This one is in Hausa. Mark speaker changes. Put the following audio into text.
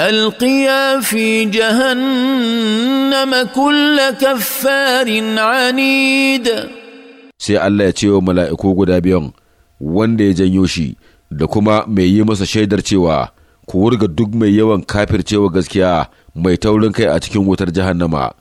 Speaker 1: القيا في جهنم كل كفار عنيد
Speaker 2: sai Allah ya ce wa mala'iku guda biyan wanda ya janyo shi da kuma mai yi masa shaidar cewa ku wurga duk mai yawan kafircewa gaskiya mai taurin kai a cikin wutar jahannama.